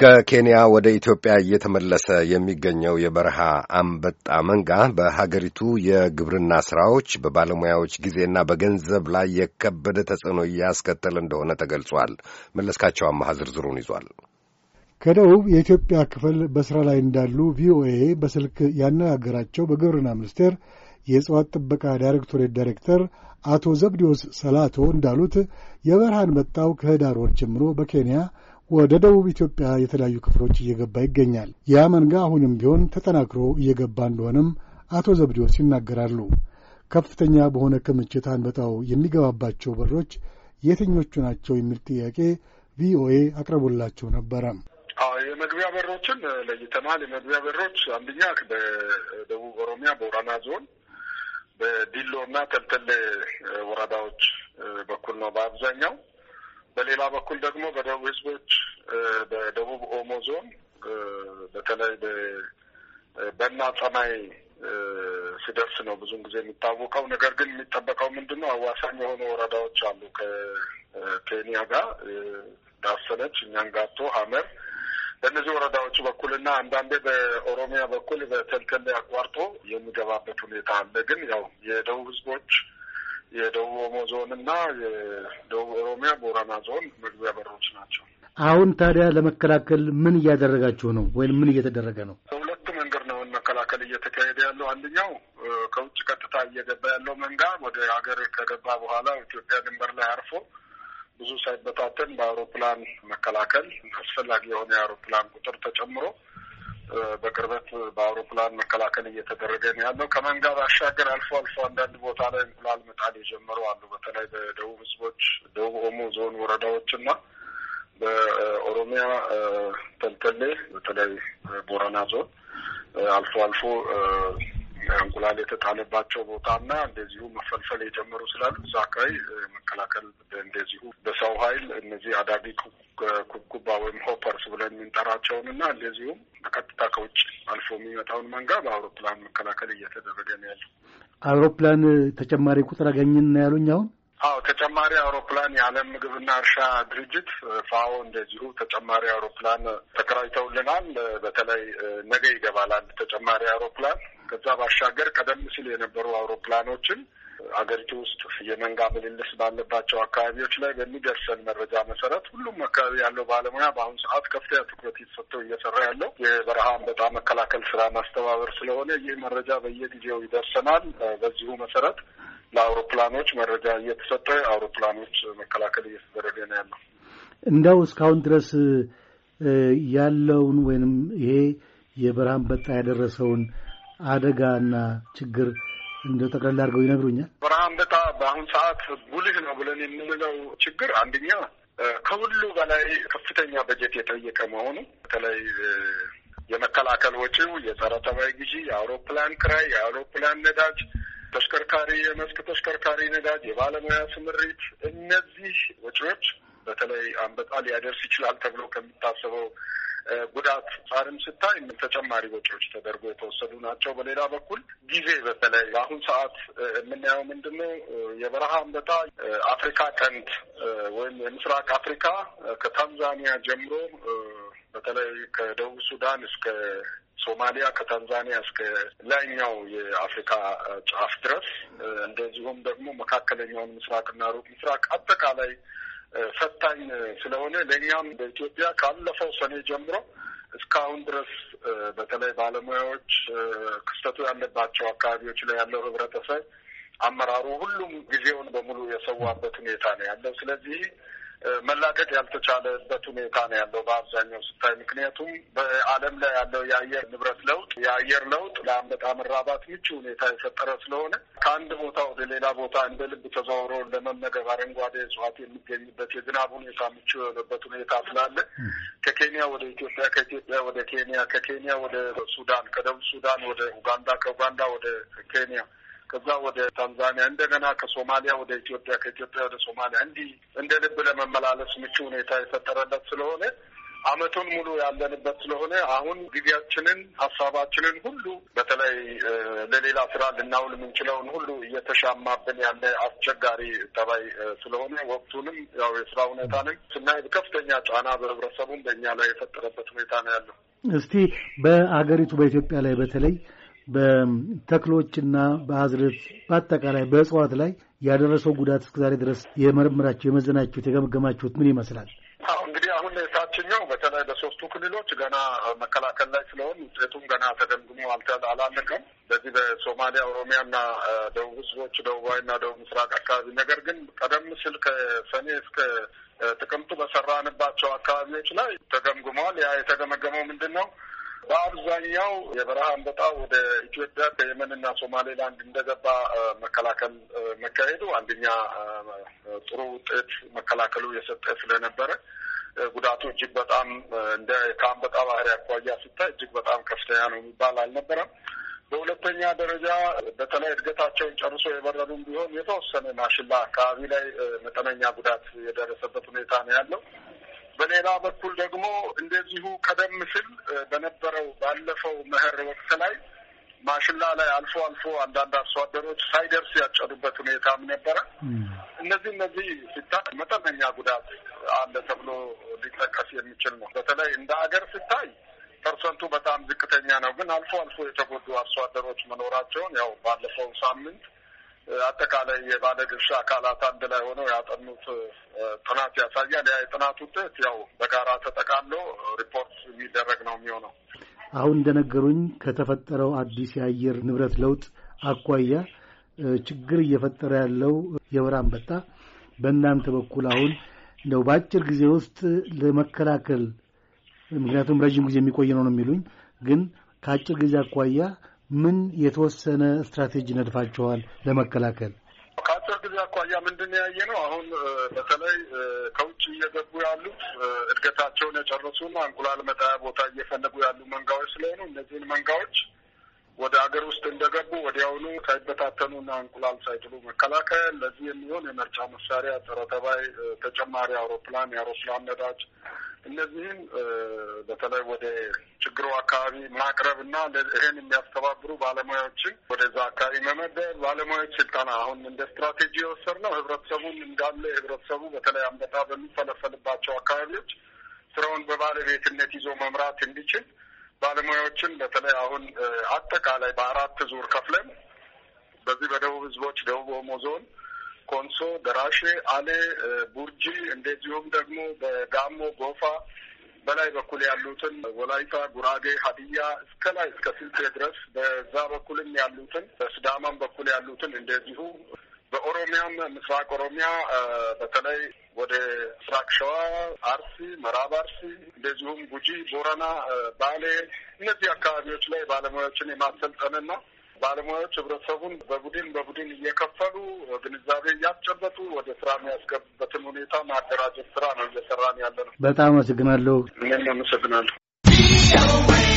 ከኬንያ ወደ ኢትዮጵያ እየተመለሰ የሚገኘው የበረሃ አንበጣ መንጋ በሀገሪቱ የግብርና ስራዎች በባለሙያዎች ጊዜና በገንዘብ ላይ የከበደ ተጽዕኖ እያስከተለ እንደሆነ ተገልጿል። መለስካቸው አማሃ ዝርዝሩን ይዟል። ከደቡብ የኢትዮጵያ ክፍል በስራ ላይ እንዳሉ ቪኦኤ በስልክ ያነጋገራቸው በግብርና ሚኒስቴር የእጽዋት ጥበቃ ዳይሬክቶሬት ዳይሬክተር አቶ ዘብዲዮስ ሰላቶ እንዳሉት የበረሃ አንበጣው ከህዳር ወር ጀምሮ በኬንያ ወደ ደቡብ ኢትዮጵያ የተለያዩ ክፍሎች እየገባ ይገኛል። ያ መንጋ አሁንም ቢሆን ተጠናክሮ እየገባ እንደሆነም አቶ ዘብዲዎስ ይናገራሉ። ከፍተኛ በሆነ ክምችት አንበጣው የሚገባባቸው በሮች የትኞቹ ናቸው የሚል ጥያቄ ቪኦኤ አቅርቦላቸው ነበረ። የመግቢያ በሮችን ለይተናል። የመግቢያ በሮች አንደኛ በደቡብ ኦሮሚያ በቦረና ዞን በዲሎ እና ተልተሌ ወረዳዎች በኩል ነው በአብዛኛው በሌላ በኩል ደግሞ በደቡብ ህዝቦች በደቡብ ኦሞ ዞን በተለይ በና ጸናይ ሲደርስ ነው ብዙን ጊዜ የሚታወቀው። ነገር ግን የሚጠበቀው ምንድን ነው? አዋሳኝ የሆኑ ወረዳዎች አሉ ከኬንያ ጋር ዳሰነች፣ እኛንጋቶ፣ ሀመር በእነዚህ ወረዳዎች በኩልና አንዳንዴ በኦሮሚያ በኩል በተልተል አቋርጦ የሚገባበት ሁኔታ አለ። ግን ያው የደቡብ ህዝቦች የደቡብ ኦሞ ዞን እና የደቡብ ኦሮሚያ ቦረና ዞን መግቢያ በሮች ናቸው። አሁን ታዲያ ለመከላከል ምን እያደረጋችሁ ነው? ወይም ምን እየተደረገ ነው? በሁለት መንገድ ነው መከላከል እየተካሄደ ያለው። አንደኛው ከውጭ ቀጥታ እየገባ ያለው መንጋ ወደ ሀገር ከገባ በኋላ ኢትዮጵያ ድንበር ላይ አርፎ ብዙ ሳይበታተን በአውሮፕላን መከላከል አስፈላጊ የሆነ የአውሮፕላን ቁጥር ተጨምሮ በቅርበት በአውሮፕላን መከላከል እየተደረገ ነው ያለው። ከመንጋ ባሻገር አልፎ አልፎ አንዳንድ ቦታ ላይ እንቁላል መጣል የጀመሩ አሉ። በተለይ በደቡብ ህዝቦች፣ ደቡብ ኦሞ ዞን ወረዳዎችና በኦሮሚያ ተልተሌ፣ በተለይ ቦረና ዞን አልፎ አልፎ እንቁላል የተጣለባቸው ቦታና እንደዚሁ መፈልፈል የጀመሩ ስላሉ እዛ አካባቢ መከላከል እንደዚሁ በሰው ኃይል እነዚህ አዳጊ ኩብኩባ ወይም ሆፐርስ ብለን የምንጠራቸውን እና እንደዚሁም በቀጥታ ከውጭ አልፎ የሚመጣውን መንጋ በአውሮፕላን መከላከል እየተደረገ ነው ያለው። አውሮፕላን ተጨማሪ ቁጥር አገኝና ያሉኝ አሁን አዎ ተጨማሪ አውሮፕላን የዓለም ምግብና እርሻ ድርጅት ፋኦ እንደዚሁ ተጨማሪ አውሮፕላን ተከራይተውልናል። በተለይ ነገ ይገባል አንድ ተጨማሪ አውሮፕላን። ከዛ ባሻገር ቀደም ሲል የነበሩ አውሮፕላኖችን አገሪቱ ውስጥ የመንጋ ምልልስ ባለባቸው አካባቢዎች ላይ በሚደርሰን መረጃ መሰረት ሁሉም አካባቢ ያለው ባለሙያ በአሁኑ ሰዓት ከፍተኛ ትኩረት እየተሰጠው እየሰራ ያለው የበረሃ አንበጣ መከላከል ስራ ማስተባበር ስለሆነ ይህ መረጃ በየጊዜው ይደርሰናል። በዚሁ መሰረት ለአውሮፕላኖች መረጃ እየተሰጠ አውሮፕላኖች መከላከል እየተደረገ ነው ያለው። እንደው እስካሁን ድረስ ያለውን ወይንም ይሄ የበረሃ አንበጣ ያደረሰውን አደጋና ችግር እንደ ጠቅላላ አድርገው ይነግሩኛል። በረሃ አንበጣ በአሁን ሰዓት ጉልህ ነው ብለን የምንለው ችግር አንደኛ ከሁሉ በላይ ከፍተኛ በጀት የጠየቀ መሆኑ በተለይ የመከላከል ወጪው፣ የጸረ ተባይ ግዢ፣ የአውሮፕላን ክራይ፣ የአውሮፕላን ነዳጅ ተሽከርካሪ፣ የመስክ ተሽከርካሪ ነዳጅ፣ የባለሙያ ስምሪት፣ እነዚህ ወጪዎች በተለይ አንበጣ ሊያደርስ ይችላል ተብሎ ከሚታሰበው ጉዳት አንጻርም ስታይ ተጨማሪ ወጪዎች ተደርጎ የተወሰዱ ናቸው። በሌላ በኩል ጊዜ በተለይ አሁን ሰዓት የምናየው ምንድን ነው? የበረሃ አንበጣ አፍሪካ ቀንድ ወይም የምስራቅ አፍሪካ ከታንዛኒያ ጀምሮ በተለይ ከደቡብ ሱዳን እስከ ሶማሊያ ከታንዛኒያ እስከ ላይኛው የአፍሪካ ጫፍ ድረስ እንደዚሁም ደግሞ መካከለኛውን ምስራቅና ሩቅ ምስራቅ አጠቃላይ ፈታኝ ስለሆነ ለእኛም በኢትዮጵያ ካለፈው ሰኔ ጀምሮ እስካሁን ድረስ በተለይ ባለሙያዎች፣ ክስተቱ ያለባቸው አካባቢዎች ላይ ያለው ህብረተሰብ፣ አመራሩ ሁሉም ጊዜውን በሙሉ የሰዋበት ሁኔታ ነው ያለው። ስለዚህ መላቀቅ ያልተቻለበት ሁኔታ ነው ያለው በአብዛኛው ስታይ። ምክንያቱም በዓለም ላይ ያለው የአየር ንብረት ለውጥ የአየር ለውጥ ለአንበጣ መራባት ምቹ ሁኔታ የፈጠረ ስለሆነ ከአንድ ቦታ ወደ ሌላ ቦታ እንደ ልብ ተዘዋውሮ ለመመገብ አረንጓዴ እጽዋት የሚገኝበት የዝናብ ሁኔታ ምቹ የሆነበት ሁኔታ ስላለ ከኬንያ ወደ ኢትዮጵያ፣ ከኢትዮጵያ ወደ ኬንያ፣ ከኬንያ ወደ ሱዳን፣ ከደቡብ ሱዳን ወደ ኡጋንዳ፣ ከኡጋንዳ ወደ ኬንያ ከዛ ወደ ታንዛኒያ፣ እንደገና ከሶማሊያ ወደ ኢትዮጵያ፣ ከኢትዮጵያ ወደ ሶማሊያ እንዲህ እንደ ልብ ለመመላለስ ምቹ ሁኔታ የፈጠረለት ስለሆነ አመቱን ሙሉ ያለንበት ስለሆነ አሁን ጊዜያችንን ሀሳባችንን ሁሉ በተለይ ለሌላ ስራ ልናውል የምንችለውን ሁሉ እየተሻማብን ያለ አስቸጋሪ ጠባይ ስለሆነ ወቅቱንም ያው የስራ ሁኔታንም ስናይ ከፍተኛ ጫና በህብረተሰቡም በእኛ ላይ የፈጠረበት ሁኔታ ነው ያለው። እስቲ በአገሪቱ በኢትዮጵያ ላይ በተለይ በተክሎችና በአዝርዕት በአጠቃላይ በእጽዋት ላይ ያደረሰው ጉዳት እስከዛሬ ድረስ የመረመራችሁ፣ የመዘናችሁት፣ የገመገማችሁት ምን ይመስላል? እንግዲህ አሁን የታችኛው በተለይ በሶስቱ ክልሎች ገና መከላከል ላይ ስለሆን ውጤቱም ገና ተገምግሞ አላለቀም። በዚህ በሶማሊያ ኦሮሚያና ደቡብ ህዝቦች ደቡባዊና ደቡብ ምስራቅ አካባቢ ነገር ግን ቀደም ሲል ከሰኔ እስከ ጥቅምቱ በሰራንባቸው አካባቢዎች ላይ ተገምግመዋል። ያ የተገመገመው ምንድን ነው? በአብዛኛው የበረሃ አንበጣ ወደ ኢትዮጵያ ከየመንና ሶማሌላንድ እንደገባ መከላከል መካሄዱ አንደኛ ጥሩ ውጤት መከላከሉ የሰጠ ስለነበረ ጉዳቱ እጅግ በጣም እንደ ከአንበጣ ባህሪ አኳያ ሲታይ እጅግ በጣም ከፍተኛ ነው የሚባል አልነበረም። በሁለተኛ ደረጃ በተለይ እድገታቸውን ጨርሶ የበረዱም ቢሆን የተወሰነ ማሽላ አካባቢ ላይ መጠነኛ ጉዳት የደረሰበት ሁኔታ ነው ያለው። በሌላ በኩል ደግሞ እንደዚሁ ቀደም ሲል በነበረው ባለፈው መኸር ወቅት ላይ ማሽላ ላይ አልፎ አልፎ አንዳንድ አርሶ አደሮች ሳይደርስ ያጨዱበት ሁኔታም ነበረ። እነዚህ እነዚህ ሲታይ መጠነኛ ጉዳት አለ ተብሎ ሊጠቀስ የሚችል ነው። በተለይ እንደ አገር ሲታይ ፐርሰንቱ በጣም ዝቅተኛ ነው። ግን አልፎ አልፎ የተጎዱ አርሶ አደሮች መኖራቸውን ያው ባለፈው ሳምንት አጠቃላይ የባለ ድርሻ አካላት አንድ ላይ ሆነው ያጠኑት ጥናት ያሳያል። ያ የጥናት ውጤት ያው በጋራ ተጠቃሎ ሪፖርት የሚደረግ ነው የሚሆነው። አሁን እንደነገሩኝ ከተፈጠረው አዲስ የአየር ንብረት ለውጥ አኳያ ችግር እየፈጠረ ያለው የወር አንበጣ በእናንተ በኩል አሁን እንደው በአጭር ጊዜ ውስጥ ለመከላከል ምክንያቱም ረዥም ጊዜ የሚቆይ ነው ነው የሚሉኝ ግን ከአጭር ጊዜ አኳያ ምን የተወሰነ ስትራቴጂ ነድፋችኋል ለመከላከል? ከአጭር ጊዜ አኳያ ምንድን ያየ ነው? አሁን በተለይ ከውጭ እየገቡ ያሉት እድገታቸውን የጨረሱና እንቁላል መጣያ ቦታ እየፈለጉ ያሉ መንጋዎች ስለሆኑ እነዚህን መንጋዎች ወደ ሀገር ውስጥ እንደገቡ ወዲያውኑ ሳይበታተኑና እንቁላል ሳይጥሉ መከላከል። ለዚህ የሚሆን የመርጫ መሳሪያ፣ ጸረ ተባይ፣ ተጨማሪ አውሮፕላን፣ የአውሮፕላን ነዳጅ እነዚህም በተለይ ወደ ችግሩ አካባቢ ማቅረብ እና ይህን የሚያስተባብሩ ባለሙያዎችን ወደዛ አካባቢ መመደብ፣ ባለሙያዎች ስልጠና አሁን እንደ ስትራቴጂ የወሰድነው ህብረተሰቡን እንዳለ ህብረተሰቡ በተለይ አንበጣ በሚፈለፈልባቸው አካባቢዎች ስራውን በባለቤትነት ይዞ መምራት እንዲችል ባለሙያዎችን በተለይ አሁን አጠቃላይ በአራት ዙር ከፍለን በዚህ በደቡብ ህዝቦች ደቡብ ኦሞ ዞን ኮንሶ፣ ደራሼ፣ አሌ፣ ቡርጂ እንደዚሁም ደግሞ በጋሞ ጎፋ በላይ በኩል ያሉትን ወላይታ፣ ጉራጌ፣ ሀዲያ እስከ ላይ እስከ ስልጤ ድረስ በዛ በኩልም ያሉትን በስዳማም በኩል ያሉትን እንደዚሁ በኦሮሚያም ምስራቅ ኦሮሚያ በተለይ ወደ ምስራቅ ሸዋ፣ አርሲ፣ ምዕራብ አርሲ እንደዚሁም ጉጂ፣ ቦረና፣ ባሌ እነዚህ አካባቢዎች ላይ ባለሙያዎችን የማሰልጠንና ባለሙያዎች ህብረተሰቡን በቡድን በቡድን እየከፈሉ ግንዛቤ እያስጨበጡ ወደ ስራ የሚያስገቡበትን ሁኔታ ማደራጀት ስራ ነው እየሰራን ያለ ነው። በጣም አመሰግናለሁ። እኔም አመሰግናለሁ።